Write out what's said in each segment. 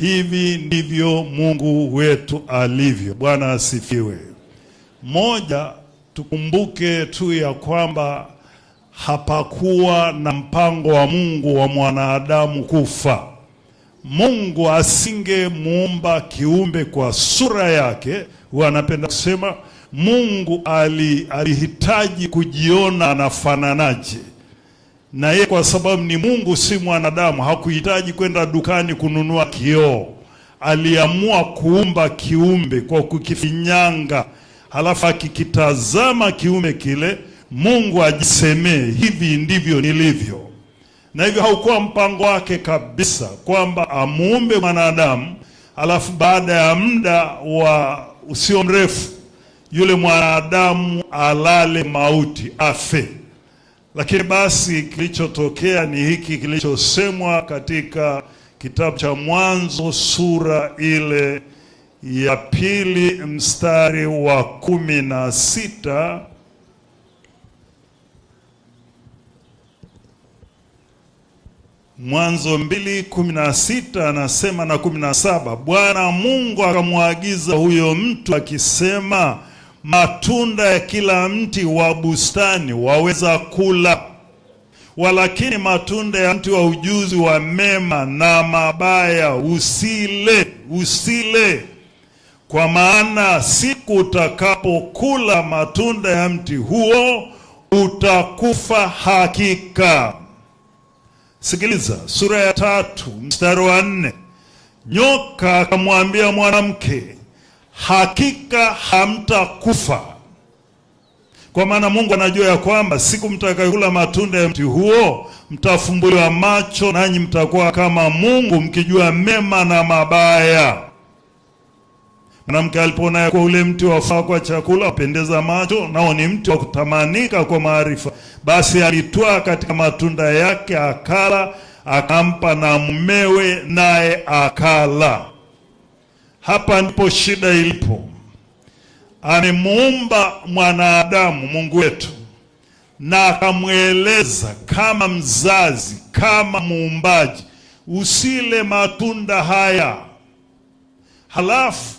Hivi ndivyo Mungu wetu alivyo. Bwana asifiwe. Moja, tukumbuke tu ya kwamba hapakuwa na mpango wa Mungu wa mwanadamu kufa. Mungu asingemuumba kiumbe kwa sura yake. Wanapenda kusema Mungu ali, alihitaji kujiona anafananaje na yeye kwa sababu ni Mungu, si mwanadamu, hakuhitaji kwenda dukani kununua kioo. Aliamua kuumba kiumbe kwa kukifinyanga, halafu akikitazama kiumbe kile, Mungu ajisemee, hivi ndivyo nilivyo. Na hivyo haukuwa mpango wake kabisa kwamba amuumbe mwanadamu, halafu baada ya muda wa usio mrefu yule mwanadamu alale mauti, afe. Lakini basi kilichotokea ni hiki kilichosemwa katika kitabu cha Mwanzo sura ile ya pili mstari wa kumi na sita Mwanzo mbili kumi na sita anasema na kumi na saba Bwana Mungu akamwagiza huyo mtu akisema matunda ya kila mti wa bustani waweza kula, walakini matunda ya mti wa ujuzi wa mema na mabaya usile, usile, kwa maana siku utakapokula matunda ya mti huo utakufa hakika. Sikiliza sura ya tatu mstari wa nne. Nyoka akamwambia mwanamke hakika hamtakufa, kwa maana Mungu anajua ya kwamba siku mtakayokula matunda ya mti huo mtafumbuliwa macho, nanyi mtakuwa kama Mungu mkijua mema na mabaya. Mwanamke alipoona kwa ule mti wafaa kwa chakula, wapendeza macho, nao ni mti wa kutamanika kwa maarifa, basi alitwaa katika matunda yake akala, akampa na mumewe, naye akala. Hapa ndipo shida ilipo. Amemuumba mwanadamu Mungu wetu na akamweleza kama mzazi, kama muumbaji, usile matunda haya. Halafu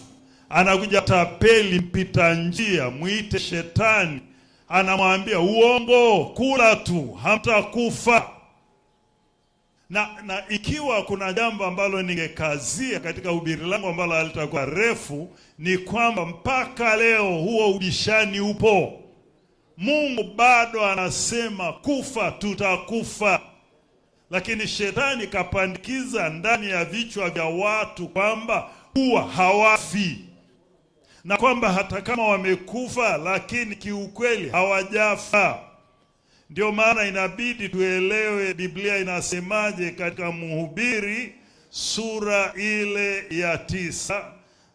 anakuja tapeli, mpita njia, mwite shetani, anamwambia uongo, kula tu, hamtakufa na, na ikiwa kuna jambo ambalo ningekazia katika ubiri langu ambalo halitakuwa refu, ni kwamba mpaka leo huo ubishani upo. Mungu bado anasema kufa tutakufa, lakini shetani kapandikiza ndani ya vichwa vya watu kwamba huwa hawafi na kwamba hata kama wamekufa, lakini kiukweli hawajafa. Ndio maana inabidi tuelewe Biblia inasemaje katika Mhubiri sura ile ya tisa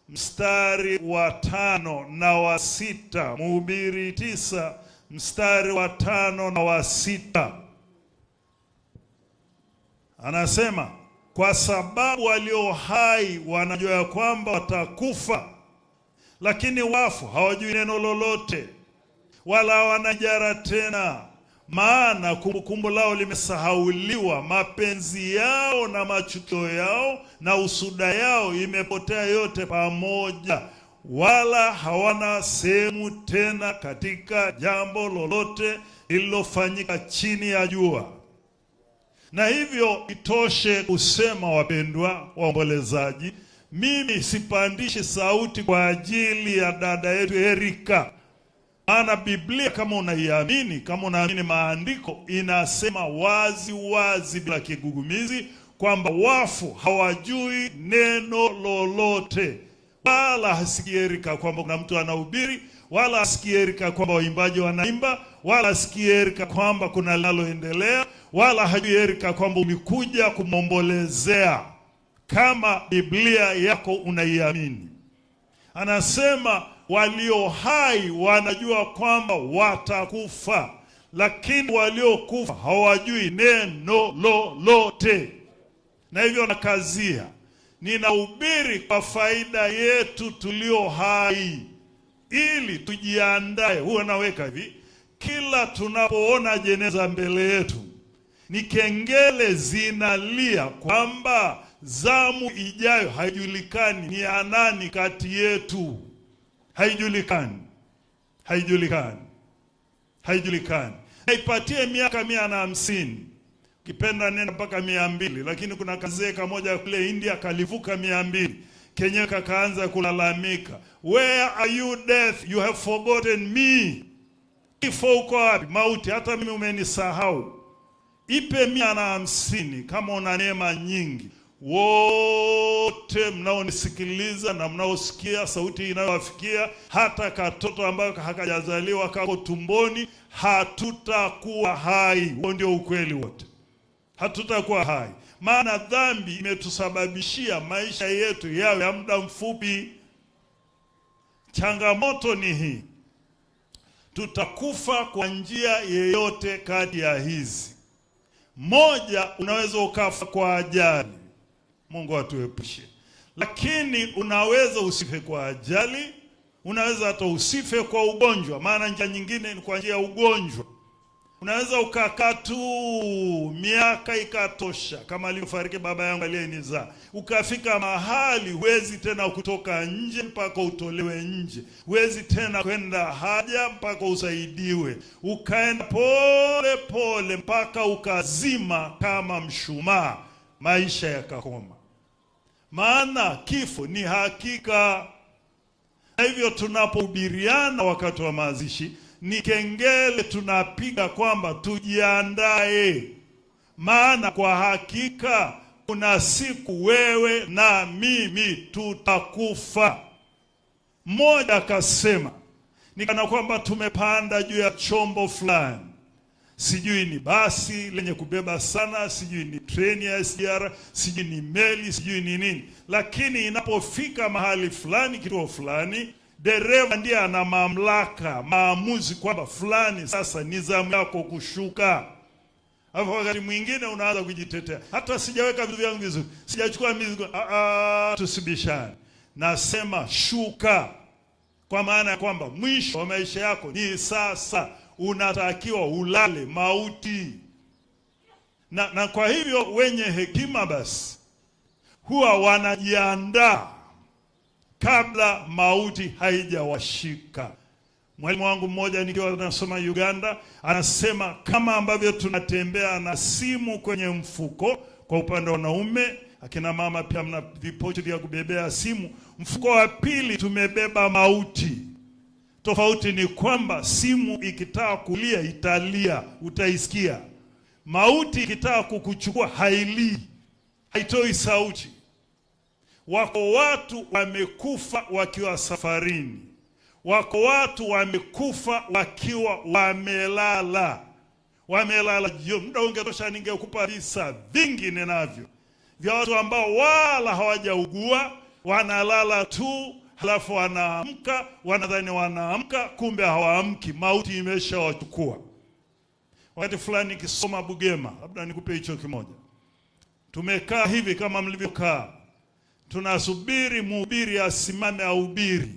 mstari wa tano na wa sita. Mhubiri tisa mstari wa tano na wa sita anasema, kwa sababu walio hai wanajua ya kwamba watakufa, lakini wafu hawajui neno lolote, wala hawana jara tena maana kumbukumbu lao limesahauliwa, mapenzi yao na machukizo yao na usuda yao imepotea yote pamoja, wala hawana sehemu tena katika jambo lolote lililofanyika chini ya jua. Na hivyo itoshe kusema, wapendwa waombolezaji, mimi sipandishi sauti kwa ajili ya dada yetu Erika maana Biblia kama unaiamini, kama unaamini maandiko, inasema wazi wazi bila kigugumizi kwamba wafu hawajui neno lolote, wala hasikierika kwamba kuna mtu anahubiri, wala hasikierika kwamba waimbaji wanaimba, wala hasikierika kwamba kuna linaloendelea, wala hajuerika kwamba umekuja kumwombolezea, kama Biblia yako unaiamini. Anasema walio hai wanajua kwamba watakufa, lakini waliokufa hawajui neno lolote, na hivyo nakazia, ninahubiri kwa faida yetu tulio hai, ili tujiandae. Huwa naweka hivi, kila tunapoona jeneza mbele yetu ni kengele zinalia kwamba zamu ijayo haijulikani ni anani kati yetu haijulikani, haijulikani, haijulikani. Naipatie miaka mia na hamsini ukipenda nenda mpaka mia mbili lakini kuna kazee kamoja kule India kalivuka mia mbili kenye kakaanza kulalamika, where are you death, you have forgotten me. Kifo uko wapi? Mauti, hata mimi umenisahau. Ipe mia na hamsini kama una neema nyingi wote mnaonisikiliza na mnaosikia sauti inayowafikia, hata katoto ambayo hakajazaliwa kako tumboni, hatutakuwa hai. Huo ndio ukweli wote, hatutakuwa hai, maana dhambi imetusababishia maisha yetu yawe ya muda mfupi. Changamoto ni hii, tutakufa kwa njia yeyote kati ya hizi. Moja, unaweza ukafa kwa ajali Mungu atuepushe. Lakini unaweza usife kwa ajali, unaweza hata usife kwa ugonjwa, maana njia nyingine ni kwa njia ya ugonjwa. Unaweza ukakaa tu miaka ikatosha, kama alivyofariki baba yangu aliyenizaa, ukafika mahali huwezi tena kutoka nje mpaka utolewe nje, huwezi tena kwenda haja mpaka usaidiwe, ukaenda pole pole mpaka ukazima kama mshumaa, maisha yakakoma maana kifo ni hakika. Na hivyo tunapohubiriana wakati wa mazishi ni kengele tunapiga kwamba tujiandae, maana kwa hakika kuna siku wewe na mimi tutakufa. Mmoja akasema ni kana kwamba tumepanda juu ya chombo fulani sijui ni basi lenye kubeba sana, sijui ni treni ya SGR, sijui ni meli, sijui ni nini, lakini inapofika mahali fulani, kituo fulani, dereva ndiye ana mamlaka maamuzi kwamba fulani, sasa ni zamu yako kushuka. Alafu wakati mwingine unaanza kujitetea, hata sijaweka vitu vyangu vizuri, sijachukua mizigo. Ah, ah, tusibishane, nasema shuka, kwa maana ya kwamba mwisho wa maisha yako ni sasa unatakiwa ulale mauti. Na, na kwa hivyo wenye hekima basi huwa wanajiandaa kabla mauti haijawashika. Mwalimu wangu mmoja nikiwa nasoma Uganda anasema kama ambavyo tunatembea na simu kwenye mfuko kwa upande wa wanaume, akina mama pia mna vipochi vya kubebea simu. Mfuko wa pili tumebeba mauti. Tofauti ni kwamba simu ikitaka kulia italia, utaisikia. Mauti ikitaka kukuchukua hailii, haitoi sauti. Wako watu wamekufa wakiwa safarini, wako watu wamekufa wakiwa wamelala, wamelala jio. Muda ungetosha, ningekupa visa vingi ninavyo vya watu ambao wala hawajaugua, wanalala tu halafu wanaamka, wanadhani wanaamka, kumbe hawaamki, mauti imeshawachukua. Wakati fulani nikisoma Bugema, labda nikupe hicho kimoja, tumekaa hivi kama mlivyokaa, tunasubiri mhubiri asimame ahubiri.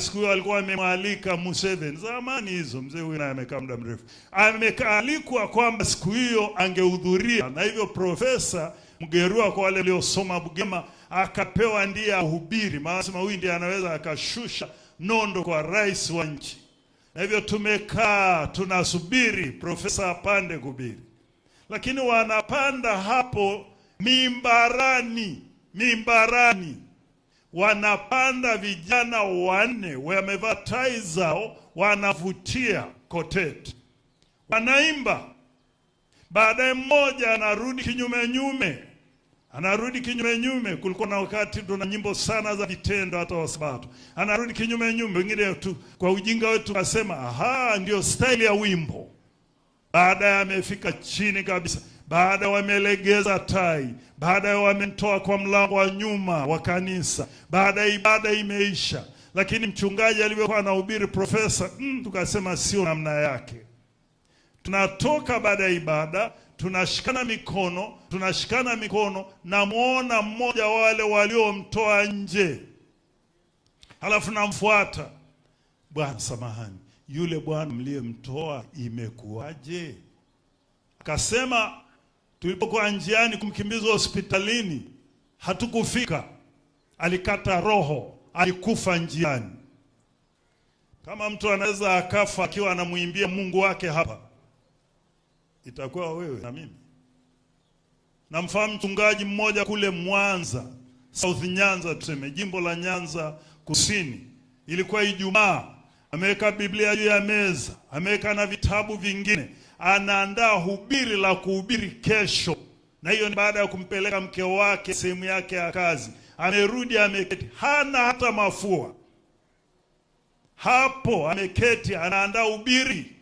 Siku hiyo alikuwa amemwalika Museveni, zamani hizo, mzee huyu naye amekaa muda mrefu, amekaalikwa kwamba siku hiyo angehudhuria, na hivyo Profesa Mgerua, kwa wale waliosoma Bugema akapewa ndiye ahubiri, maana sema huyu ndiye anaweza akashusha nondo kwa rais wa nchi. Na hivyo tumekaa tunasubiri profesa apande kuhubiri, lakini wanapanda hapo mimbarani, mimbarani wanapanda vijana wanne wamevaa tai zao, wanavutia koteti, wanaimba. Baadaye mmoja anarudi kinyumenyume Anarudi kinyume nyume. Kulikuwa na wakati tuna nyimbo sana za vitendo, hata Sabato, anarudi kinyume nyume. Wengine tu kwa ujinga wetu kasema aha, ndio staili ya wimbo. Baada ya amefika chini kabisa, baada ya wamelegeza tai, baada ya wamemtoa kwa mlango wa nyuma wa kanisa, baada ya ibada imeisha, lakini mchungaji alivyokuwa anahubiri profesa, mm, tukasema sio namna yake tunatoka baada ya ibada tunashikana mikono, tunashikana mikono, namwona mmoja wale waliomtoa nje, halafu namfuata, bwana, samahani, yule bwana mliyemtoa imekuwaje? Akasema, tulipokuwa njiani kumkimbiza hospitalini hatukufika, alikata roho, alikufa njiani. Kama mtu anaweza akafa akiwa anamwimbia Mungu wake hapa itakuwa wewe na mimi. Namfahamu mchungaji mmoja kule Mwanza, South Nyanza, tuseme jimbo la Nyanza Kusini. Ilikuwa Ijumaa, ameweka Biblia juu ya meza, ameweka na vitabu vingine, anaandaa hubiri la kuhubiri kesho, na hiyo ni baada ya kumpeleka mke wake sehemu yake ya kazi. Amerudi ameketi, hana hata mafua, hapo ameketi, anaandaa hubiri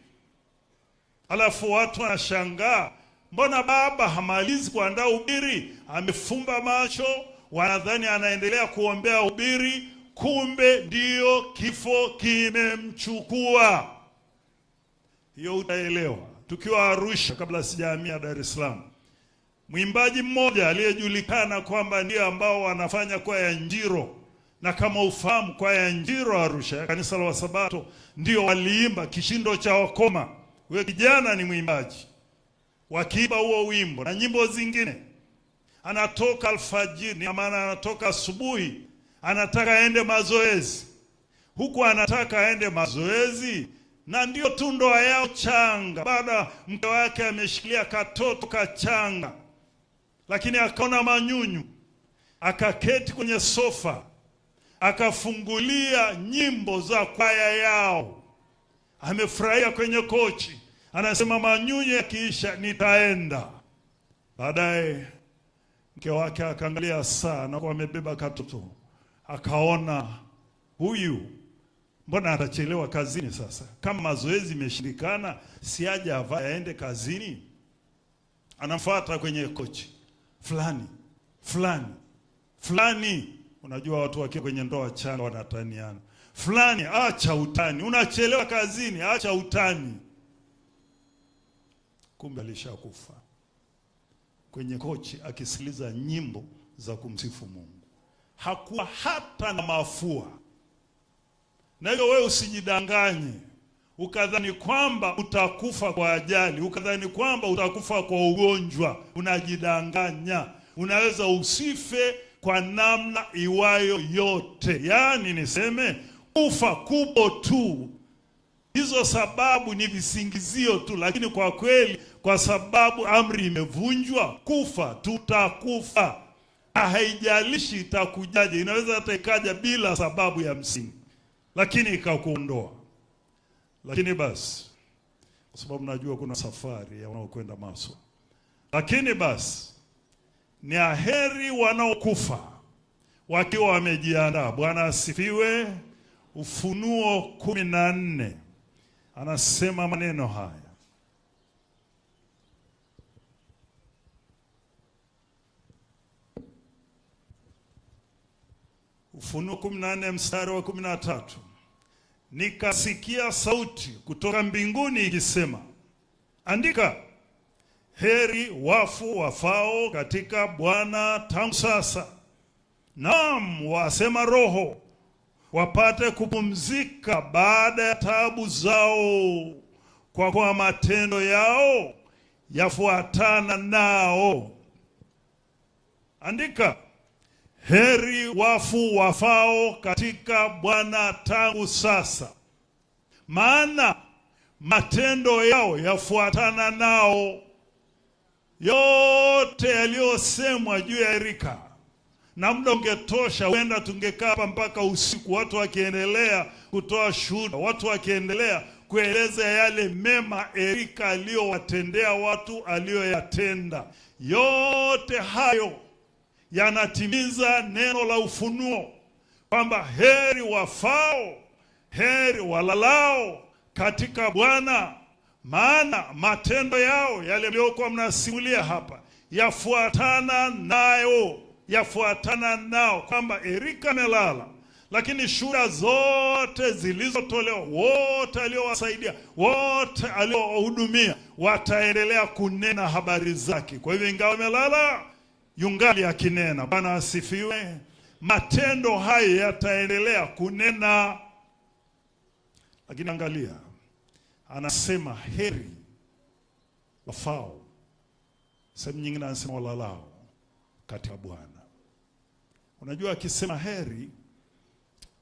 Alafu watu wanashangaa, mbona baba hamalizi kuandaa ubiri? Amefumba macho, wanadhani anaendelea kuombea ubiri, kumbe ndiyo kifo kimemchukua. Hiyo utaelewa tukiwa Arusha, kabla sijahamia Dar es Salaam. Mwimbaji mmoja aliyejulikana kwamba ndio ambao wanafanya kwaya Njiro na kama ufahamu kwaya Njiro Arusha, kanisa la Wasabato, ndio waliimba kishindo cha wakoma wewe kijana ni mwimbaji, wakiimba huo wimbo na nyimbo zingine, anatoka alfajiri, maana anatoka asubuhi, anataka aende mazoezi, huku anataka aende mazoezi na ndio tu ndoa yao changa, baada mke wake ameshikilia katoto kachanga, lakini akaona manyunyu, akaketi kwenye sofa, akafungulia nyimbo za kwaya yao, amefurahia kwenye kochi, Anasema manyunyu yakiisha nitaenda. Baadaye mke wake akaangalia saa na kwa amebeba katoto, akaona huyu mbona atachelewa kazini. Sasa kama mazoezi imeshindikana, siaje avae aende kazini? Anafuata kwenye kochi fulani fulani fulani. Unajua watu wakiwa kwenye ndoa changa wanataniana, fulani, acha utani, unachelewa kazini, acha utani kumbe alishakufa kwenye kochi akisikiliza nyimbo za kumsifu Mungu. Hakuwa hata na mafua. Na hiyo wewe usijidanganye ukadhani kwamba utakufa kwa ajali, ukadhani kwamba utakufa kwa ugonjwa. Unajidanganya. Unaweza usife kwa namna iwayo yote, yaani niseme kufa kupo tu Hizo sababu ni visingizio tu, lakini kwa kweli, kwa sababu amri imevunjwa, kufa tutakufa, na haijalishi itakujaje. Inaweza hata ikaja bila sababu ya msingi, lakini ikakuondoa. Lakini basi, kwa sababu najua kuna safari ya wanaokwenda Maswa, lakini basi ni aheri wanaokufa wakiwa wamejiandaa. Bwana asifiwe. Ufunuo kumi na nne anasema maneno haya Ufunuo 14 mstari wa 13, nikasikia sauti kutoka mbinguni ikisema, andika, heri wafu wafao katika Bwana tangu sasa, naam, wasema Roho wapate kupumzika baada ya taabu zao, kwa kuwa matendo yao yafuatana nao. Andika, heri wafu wafao katika Bwana tangu sasa, maana matendo yao yafuatana nao. Yote yaliyosemwa juu ya Erika na muda ungetosha, huenda tungekaa hapa mpaka usiku, watu wakiendelea kutoa shuhuda, watu wakiendelea kueleza yale mema Erika aliyowatendea watu, aliyoyatenda. Yote hayo yanatimiza neno la ufunuo kwamba heri wafao, heri walalao katika Bwana, maana matendo yao yale mliokuwa mnasimulia hapa yafuatana nayo yafuatana nao kwamba Erika amelala, lakini shuhuda zote zilizotolewa, wote aliowasaidia, wote aliowahudumia, wataendelea kunena habari zake. Kwa hivyo, ingawa amelala, yungali akinena. Bwana asifiwe. Matendo hayo yataendelea kunena, lakini angalia, anasema heri wafao, sehemu nyingine anasema walalao katika Bwana. Unajua, akisema heri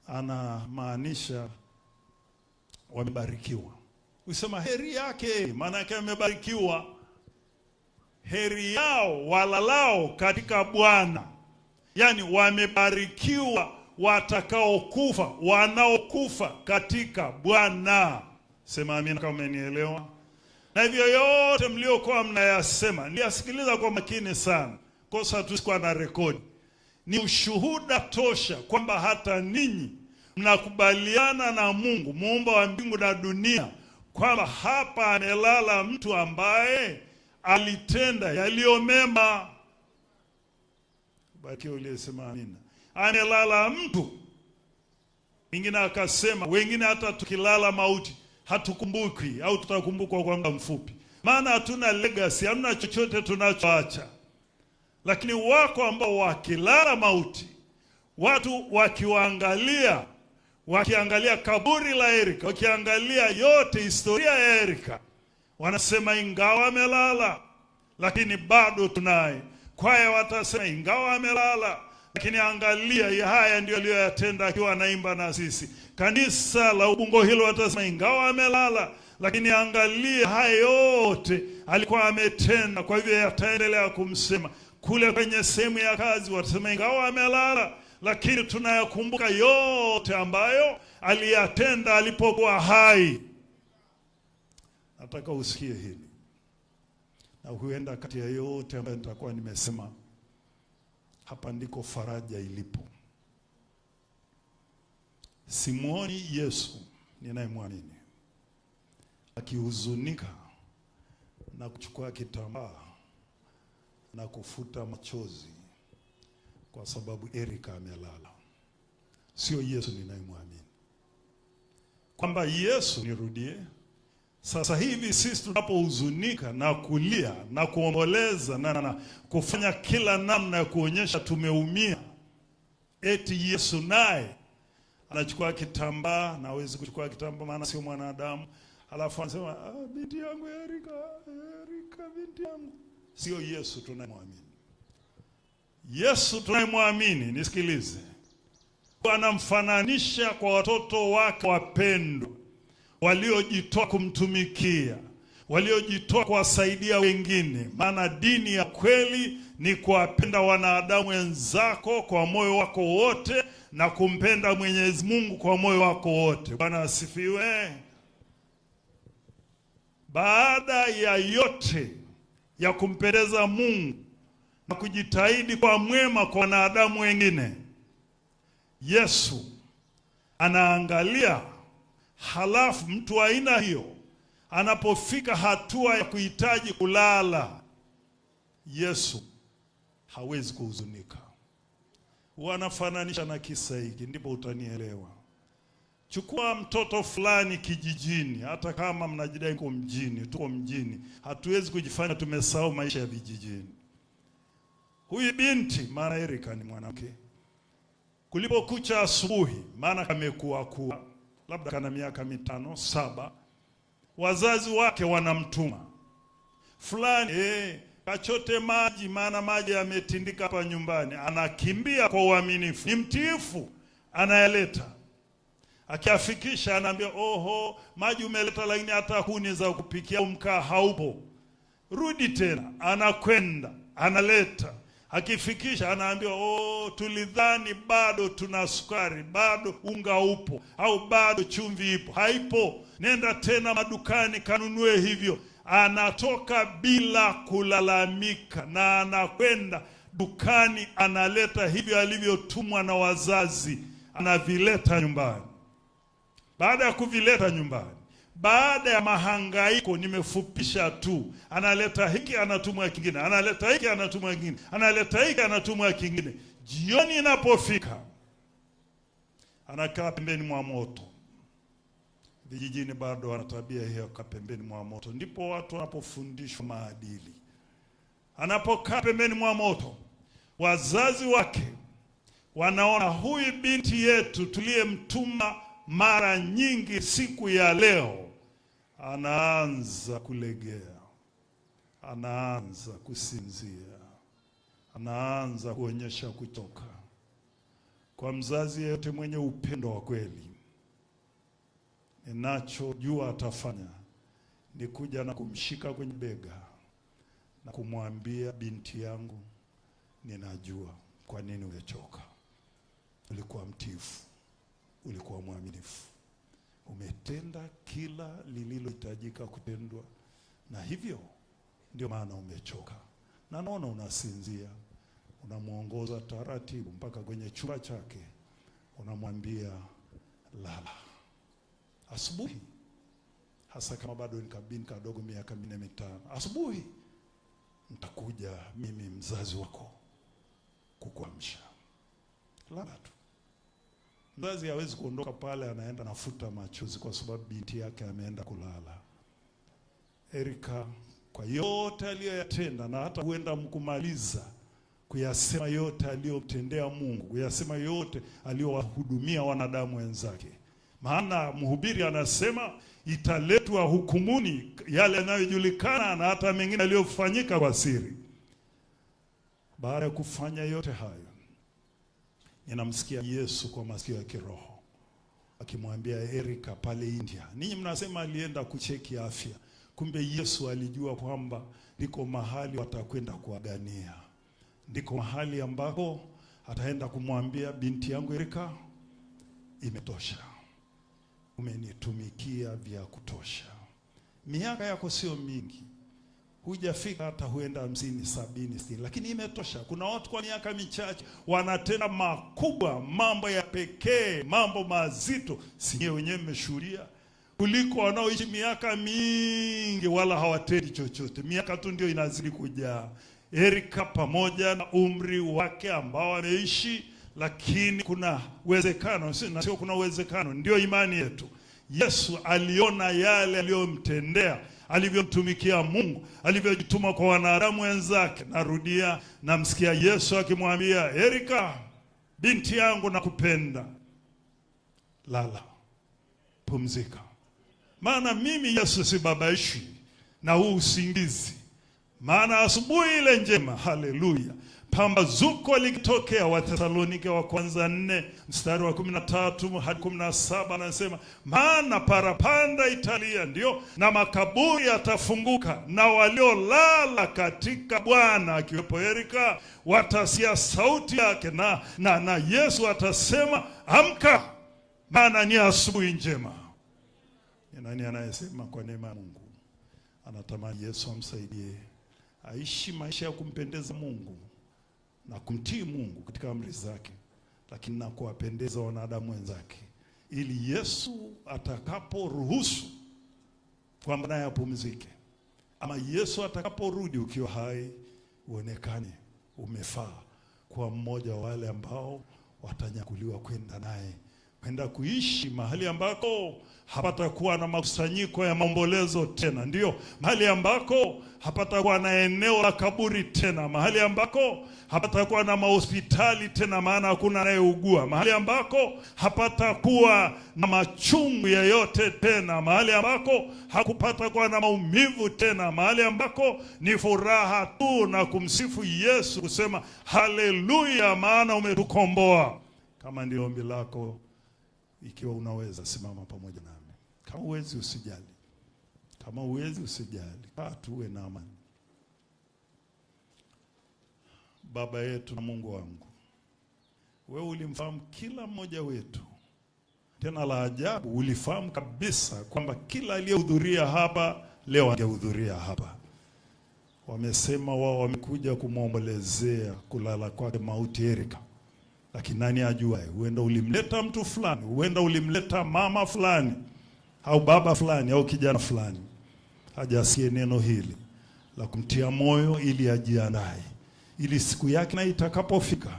anamaanisha wamebarikiwa. Usema heri yake, maana yake amebarikiwa. Heri yao walalao katika Bwana, yaani wamebarikiwa watakaokufa, wanaokufa katika Bwana. Sema amina kama umenielewa. Na hivyo yote mliokuwa mnayasema niliyasikiliza kwa makini sana, kosa tusikuwa na rekodi ni ushuhuda tosha kwamba hata ninyi mnakubaliana na Mungu muumba wa mbingu na dunia kwamba hapa amelala mtu ambaye alitenda yaliyo mema. Baki uliyesema amina. Amelala mtu mwingine, akasema wengine, hata tukilala mauti hatukumbukwi au tutakumbukwa kwa muda mfupi, maana hatuna legacy, hamna chochote tunachoacha. Lakini wako ambao wakilala mauti, watu wakiwaangalia, wakiangalia kaburi la Erika, wakiangalia yote historia ya Erika, wanasema ingawa amelala, lakini bado tunaye. Kwaya watasema ingawa amelala lakini angalia haya ndio aliyoyatenda akiwa anaimba na sisi. Kanisa la Ubungo hilo watasema ingawa amelala, lakini angalia haya yote alikuwa ametenda. Kwa hivyo yataendelea kumsema kule kwenye sehemu ya kazi, watasema ingawa amelala, lakini tunayakumbuka yote ambayo aliyatenda alipokuwa hai. Nataka usikie hili, na huenda kati ya yote ambayo nitakuwa nimesema hapa ndiko faraja ilipo. Simuoni Yesu ninayemwamini akihuzunika na kuchukua kitambaa na kufuta machozi kwa sababu Erika amelala. Sio Yesu ninayemwamini, kwamba Yesu, nirudie sasa hivi sisi tunapohuzunika na kulia na kuomboleza na, na kufanya kila namna ya kuonyesha tumeumia, eti Yesu naye anachukua kitambaa, na hawezi kuchukua kitambaa, maana sio mwanadamu, alafu anasema ah, binti yangu Erika, Erika binti yangu sio Yesu tunayemwamini. Yesu tunayemwamini, nisikilize, anamfananisha kwa watoto wake wapendwa waliojitoa kumtumikia, waliojitoa kuwasaidia wengine, maana dini ya kweli ni kuwapenda wanadamu wenzako kwa moyo wako wote na kumpenda Mwenyezi Mungu kwa moyo wako wote. Bwana asifiwe. Baada ya yote ya kumpendeza Mungu na kujitahidi kwa mwema kwa wanadamu wengine. Yesu anaangalia, halafu mtu aina hiyo anapofika hatua ya kuhitaji kulala, Yesu hawezi kuhuzunika. Wanafananisha na kisa hiki, ndipo utanielewa. Chukua mtoto fulani kijijini, hata kama mnajidai mko mjini, tuko mjini, hatuwezi kujifanya tumesahau maisha ya vijijini. Huyu binti, maana Erika ni mwanamke, kulipokucha asubuhi, maana kamekuwa kuwa labda kana miaka mitano saba, wazazi wake wanamtuma fulani eh, kachote maji, maana maji yametindika hapa nyumbani. Anakimbia kwa uaminifu, ni mtiifu, anayaleta akiafikisha anaambia oho, maji umeleta, lakini hata kuni za kupikia mkaa haupo, rudi tena. Anakwenda analeta, akifikisha anaambia oh, tulidhani bado tuna sukari, bado unga upo, au bado chumvi ipo, haipo. Nenda tena madukani kanunue hivyo. Anatoka bila kulalamika, na anakwenda dukani analeta hivyo alivyotumwa na wazazi, anavileta nyumbani baada ya kuvileta nyumbani, baada ya mahangaiko, nimefupisha tu, analeta hiki, anatumwa kingine, analeta hiki, anatumwa kingine, analeta hiki, anatumwa kingine. Jioni inapofika, anakaa pembeni mwa moto. Vijijini bado wana tabia hiyo, kaa pembeni mwa moto. Ndipo watu wanapofundishwa maadili. Anapokaa pembeni mwa moto, wazazi wake wanaona huyu binti yetu tuliyemtuma mara nyingi siku ya leo anaanza kulegea, anaanza kusinzia, anaanza kuonyesha kuchoka. Kwa mzazi yeyote mwenye upendo wa kweli, ninachojua atafanya ni kuja na kumshika kwenye bega na kumwambia, binti yangu, ninajua kwa nini umechoka, ulikuwa mtifu ulikuwa mwaminifu, umetenda kila lililohitajika kutendwa, na hivyo ndio maana umechoka na naona unasinzia. Unamwongoza taratibu mpaka kwenye chumba chake, unamwambia lala. Asubuhi hasa kama bado ni kabini kadogo, miaka minne mitano, asubuhi nitakuja mimi mzazi wako kukuamsha. Lala tu. Mzazi hawezi kuondoka pale, anaenda nafuta machozi kwa sababu binti yake ameenda kulala. Erika, kwa yote aliyoyatenda na hata huenda mkumaliza kuyasema yote aliyomtendea Mungu, kuyasema yote aliyowahudumia wanadamu wenzake, maana mhubiri anasema italetwa hukumuni yale yanayojulikana na hata mengine yaliyofanyika kwa siri. Baada ya kufanya yote hayo Ninamsikia Yesu kwa masikio ya kiroho akimwambia Erika pale India, ninyi mnasema alienda kucheki afya, kumbe Yesu alijua kwamba ndiko mahali watakwenda kuagania, ndiko mahali ambako ataenda kumwambia binti yangu Erika, imetosha, umenitumikia vya kutosha. Miaka yako sio mingi hujafika hata huenda hamsini, sabini, sitini, lakini imetosha. Kuna watu kwa miaka michache wanatenda makubwa, mambo ya pekee, mambo mazito, sinyewe wenyewe mmeshuhudia kuliko wanaoishi miaka mingi wala hawatendi chochote. Miaka tu ndio inazidi kujaa. Erika pamoja na umri wake ambao ameishi, lakini kuna uwezekano na sio kuna uwezekano, ndio imani yetu. Yesu aliona yale aliyomtendea alivyomtumikia Mungu, alivyojituma kwa wanadamu wenzake. Narudia, namsikia Yesu akimwambia Erika, binti yangu, nakupenda, lala, pumzika, maana mimi Yesu sibabaishwi na huu usingizi, maana asubuhi ile njema, haleluya Pambazuko likitokea, Wathesalonike wa kwanza nne mstari wa kumi na tatu hadi kumi na saba anasema maana parapanda italia, ndio na makaburi yatafunguka, na waliolala katika Bwana akiwepo Erika watasikia sauti yake, na, na, na Yesu atasema amka, maana ni asubuhi njema. Ni nani anayesema kwa neema ya Mungu? Anatamani Yesu amsaidie aishi maisha ya kumpendeza Mungu na kumtii Mungu katika amri zake, lakini na kuwapendeza wanadamu wenzake, ili Yesu atakaporuhusu kwamba naye apumzike, ama Yesu atakaporudi ukiwa hai, uonekane umefaa kwa mmoja wa wale ambao watanyakuliwa kwenda naye kwenda kuishi mahali ambako hapatakuwa na makusanyiko ya maombolezo tena, ndio mahali ambako hapatakuwa na eneo la kaburi tena, mahali ambako hapatakuwa na mahospitali tena, maana hakuna anayeugua, mahali ambako hapatakuwa na machungu yeyote tena, mahali ambako hakupata kuwa na maumivu tena, mahali ambako ni furaha tu na kumsifu Yesu, kusema haleluya, maana umetukomboa. Kama ndio ombi lako ikiwa unaweza simama pamoja nami, kama uwezi usijali, kama uwezi usijali, kaa uwe na amani. Baba yetu na Mungu wangu, wewe ulimfahamu kila mmoja wetu, tena la ajabu, ulifahamu kabisa kwamba kila aliyehudhuria hapa leo angehudhuria hapa. Wamesema wao wamekuja kumwombolezea kulala kwake mauti Erika lakini nani ajuae? Huenda ulimleta mtu fulani, huenda ulimleta mama fulani au baba fulani au kijana fulani haja asiye neno hili la kumtia moyo, ili ajiandae, ili siku yake na itakapofika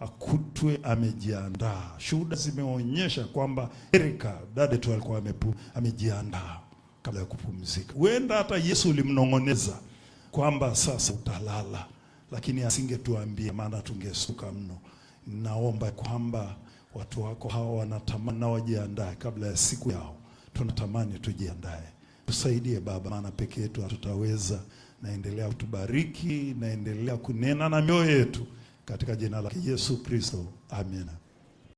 akutwe amejiandaa. Shuhuda zimeonyesha kwamba Erika dade tu alikuwa amejiandaa kabla ya kupumzika. Huenda hata Yesu ulimnong'oneza kwamba sasa utalala, lakini asingetuambia, maana tungesuka mno naomba kwamba watu wako hawa wanatamani na wajiandae kabla ya siku yao. Tunatamani tujiandae, tusaidie Baba, maana peke yetu hatutaweza. Naendelea kutubariki, naendelea kunena na mioyo yetu katika jina la Yesu Kristo, amina.